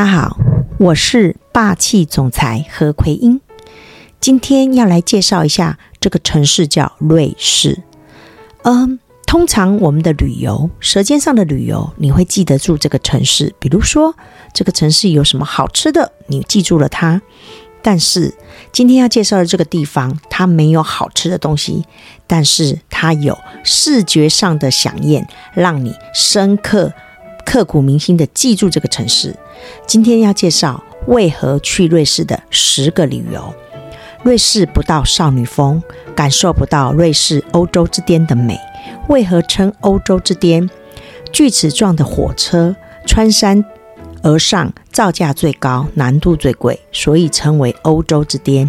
大家好，我是霸氣總裁何奎英。今天要來介紹一下這個城市，叫瑞士。嗯，通常我們的旅遊，舌尖上的旅遊，你會記得住這個城市，比如說這個城市有什麼好吃的，你記住了它。但是今天要介紹的這個地方，它沒有好吃的東西，但是它有視覺上的饗宴，讓你深刻、刻骨銘心的記住這個城市。今天要介紹為何去瑞士的十個理由。瑞士不到少女峰，感受不到瑞士歐洲之巔的美。為何稱歐洲之巔？鋸齒狀的火車穿山而上，造價最高，難度最貴，所以稱為歐洲之巔。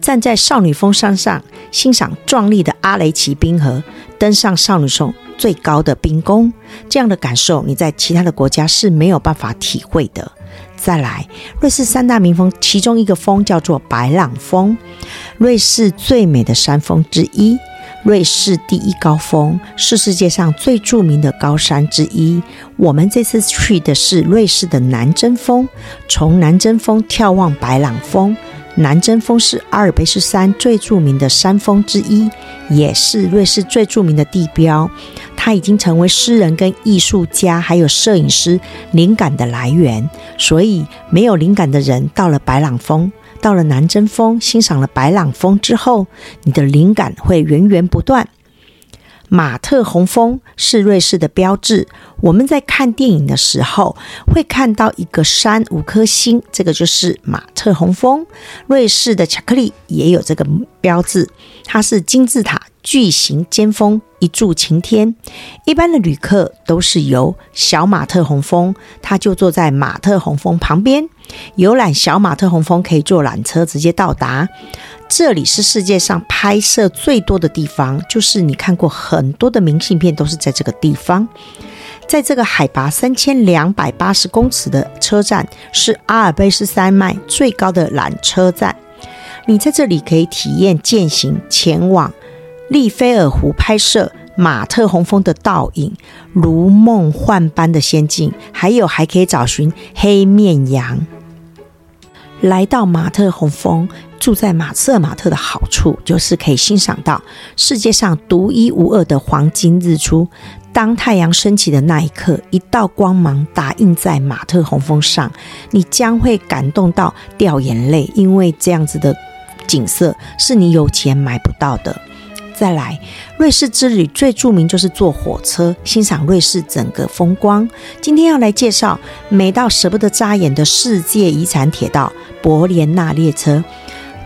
站在少女峰山上，欣賞壯麗的阿雷奇冰河，登上少女峰。最高的冰宮，這樣的感受你在其他的國家是沒有辦法體會的。再來，瑞士三大名峰，其中一個峰叫做白朗峰，瑞士最美的山峰之一，瑞士第一高峰，是世界上最著名的高山之一。我們這次去的是瑞士的南針峰，從南針峰眺望白朗峰。南針峰是阿爾卑斯山最著名的山峰之一，也是瑞士最著名的地標。它已經成為詩人跟藝術家還有攝影師靈感的來源。所以，沒有靈感的人到了白朗峰，到了南針峰，欣賞了白朗峰之後，你的靈感會源源不斷。馬特洪峰是瑞士的標誌。我們在看電影的時候會看到一個山五顆星，這個就是馬特洪峰。瑞士的巧克力也有這個標誌，它是金字塔巨型尖峰，一柱擎天。一般的旅客都是遊小馬特洪峰，它就坐在馬特洪峰旁邊。遊覽小馬特洪峰可以坐纜車直接到達。這裡是世界上拍攝最多的地方，就是你看過很多的明信片都是在這個地方。在這個海拔三千兩百八十公尺的車站，是阿爾卑斯山脈最高的纜車站。你在這裡可以體驗健行，前往利菲爾湖拍攝馬特洪峰的倒影，如夢幻般的仙境，還有還可以找尋黑面羊。來到馬特洪峰，住在馬瑟馬特的好處就是可以欣賞到世界上獨一無二的黃金日出。當太陽升起的那一刻，一道光芒打印在馬特洪峰上，你將會感動到掉眼淚，因為這樣子的景色是你有錢買不到的。再來，瑞士之旅最著名就是坐火車欣賞瑞士整個風光。今天要來介紹美到舍不得眨眼的世界遺產鐵道——伯聯納列車。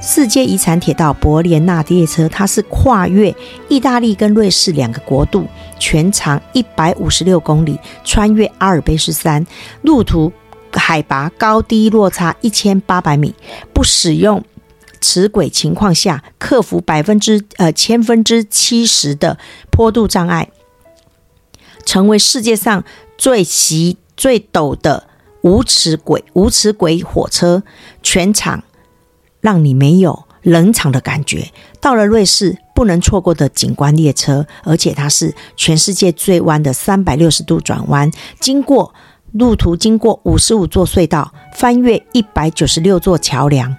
世界遺產鐵道伯聯納列車，它是跨越意大利跟瑞士兩個國度，全長一百五十六公里，穿越阿爾卑斯山，路途海拔高低落差一千八百米，不使用齒軌情況下，克服百分之呃千分之七十的坡度障礙，成為世界上最斜最陡的無齒軌無齒軌火車，全程讓你沒有冷場的感覺。到了瑞士，不能錯過的景觀列車，而且它是全世界最彎的三百六十度轉彎，經過路途經過五十五座隧道，翻越一百九十六座橋梁。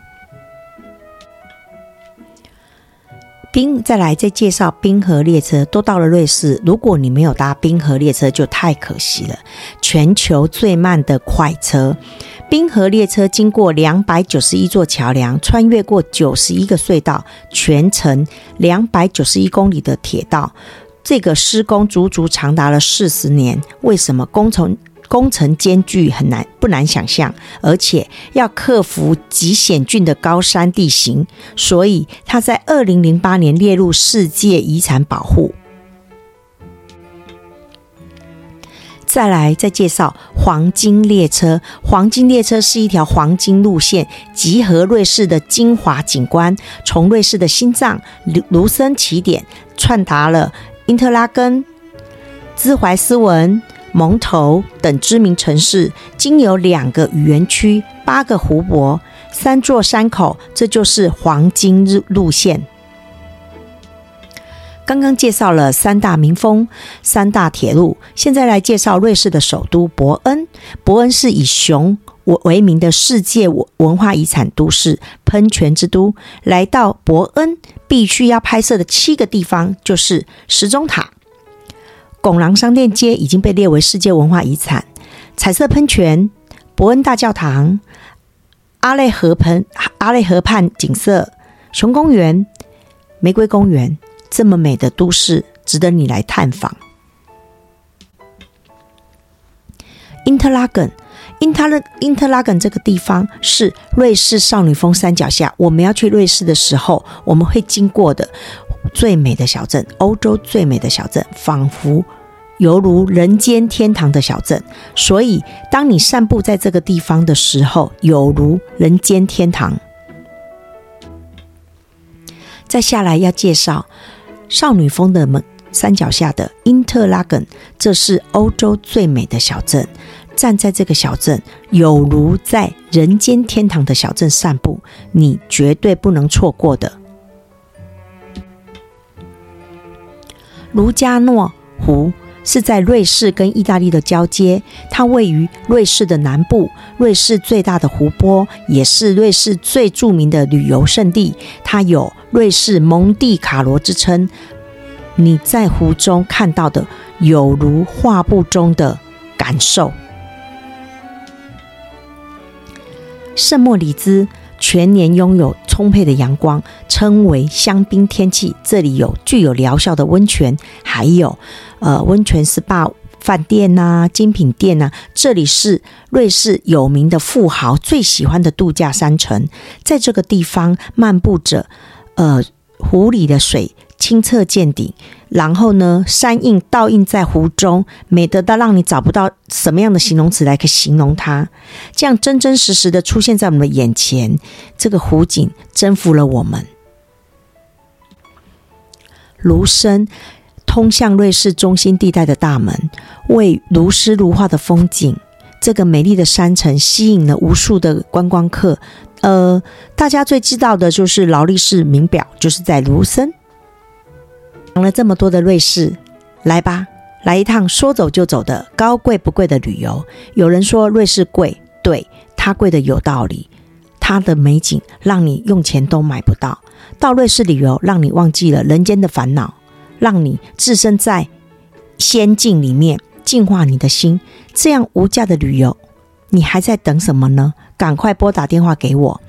冰，再來再介紹冰河列車，都到了瑞士，如果你沒有搭冰河列車，就太可惜了。全球最慢的快車，冰河列車經過兩百九十一座橋梁，穿越過九十一個隧道，全程兩百九十一公里的鐵道，這個施工足足長達了四十年。為什麼工程？工程艱鉅，很難不難想象而且要克服極險峻的高山地形，所以他在二零零八年列入世界遺產保護。再來再介紹黃金列車，黃金列車是一條黃金路線，集合瑞士的精華景觀，從瑞士的心臟盧盧森起點，串達了因特拉根、茲懷斯文。蒙投等知名城市，經由兩個語言區、八個湖泊、三座山口，這就是黃金路線。剛剛介紹了三大名峰、三大鐵路，現在來介紹瑞士的首都伯恩。伯恩是以熊為名的世界文化遺產都市、噴泉之都。來到伯恩，必須要拍攝的七個地方就是時鐘塔。拱廊商店街已經被列為世界文化遺產，彩色噴泉、伯恩大教堂、阿勒河盆、阿勒河畔景色、熊公園、玫瑰公園，這麼美的都市，值得你來探訪。因特拉根，因 l a 因特拉根這個地方是瑞士少女峰山腳下，我們要去瑞士的時候，我們會經過的。最美的小鎮，歐洲最美的小鎮，仿佛猶如人間天堂的小鎮。所以，當你散步在這個地方的時候，有如人間天堂。再下來要介紹少女峰的門山腳下的茵特拉根，這是歐洲最美的小鎮。站在這個小鎮，有如在人間天堂的小鎮散步，你絕對不能錯過的。盧加諾湖是在瑞士跟意大利的交接，它位於瑞士的南部，瑞士最大的湖泊，也是瑞士最著名的旅遊勝地，它有瑞士蒙地卡羅之稱。你在湖中看到的，有如畫布中的感受。聖莫里茲。全年擁有充沛的陽光，稱為香檳天氣。這裡有具有療效的溫泉，還有呃溫泉 SPA 飯店吶、啊、精品店吶、啊。這裡是瑞士有名的富豪最喜歡的度假山城。在這個地方漫步着，呃湖裡的水。清澈見底，然後呢，山映倒映在湖中，美得到讓你找不到什麼樣的形容詞來形容它。這樣真真實實的出現在我們的眼前，這個湖景征服了我們。盧森通向瑞士中心地帶的大門，為如詩如畫的風景，這個美麗的山城吸引了無數的觀光客。呃，大家最知道的就是勞力士名錶，就是在盧森。講了這麼多的瑞士，來吧，來一趟說走就走的高貴不貴的旅遊。有人說瑞士貴，對，它貴的有道理，它的美景讓你用錢都買不到。到瑞士旅遊，讓你忘記了人間的煩惱，讓你置身在仙境裡面，淨化你的心。這樣無價的旅遊，你還在等什麼呢？趕快撥打電話給我，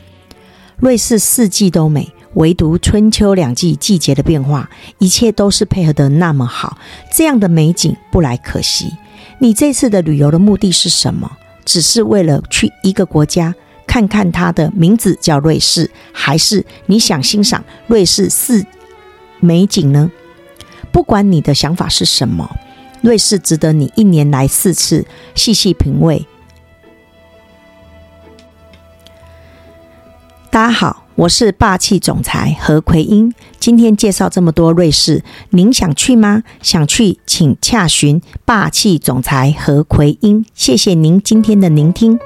瑞士四季都美。唯獨春秋兩季，季節的變化，一切都是配合得那麼好，這樣的美景不來可惜。你這次的旅遊的目的是什麼？只是為了去一個國家看看？它的名字叫瑞士，還是你想欣賞瑞士四美景呢？不管你的想法是什麼，瑞士值得你一年來四次細細品味。大家好。我是霸氣總裁何奎英，今天介紹這麼多瑞士，您想去嗎？想去請洽詢霸氣總裁何奎英，謝謝您今天的聆聽。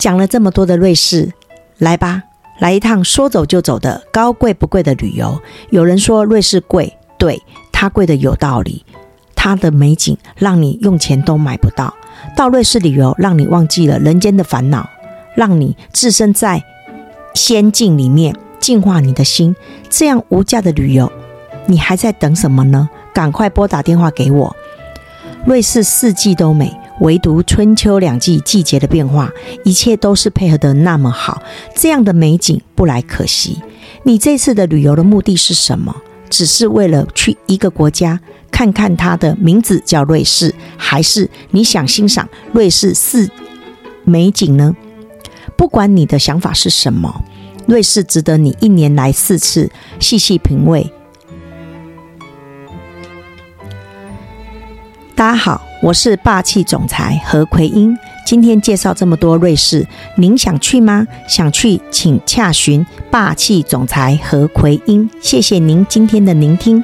講了這麼多的瑞士，來吧，來一趟說走就走的高貴不貴的旅遊。有人說瑞士貴，對，它貴的有道理，它的美景讓你用錢都買不到。到瑞士旅遊，讓你忘記了人間的煩惱，讓你置身在仙境裡面，淨化你的心。這樣無價的旅遊，你還在等什麼呢？趕快撥打電話給我，瑞士四季都美。唯獨春秋兩季，季節的變化，一切都是配合得那麼好。這樣的美景不來可惜。你這次的旅遊的目的是什麼？只是為了去一個國家看看它的名字叫瑞士，還是你想欣賞瑞士四美景呢？不管你的想法是什麼，瑞士值得你一年來四次細細品味。大家好，我是霸氣總裁何奎英。今天介紹這麼多瑞士，您想去嗎？想去請洽詢霸氣總裁何奎英。謝謝您今天的聆聽。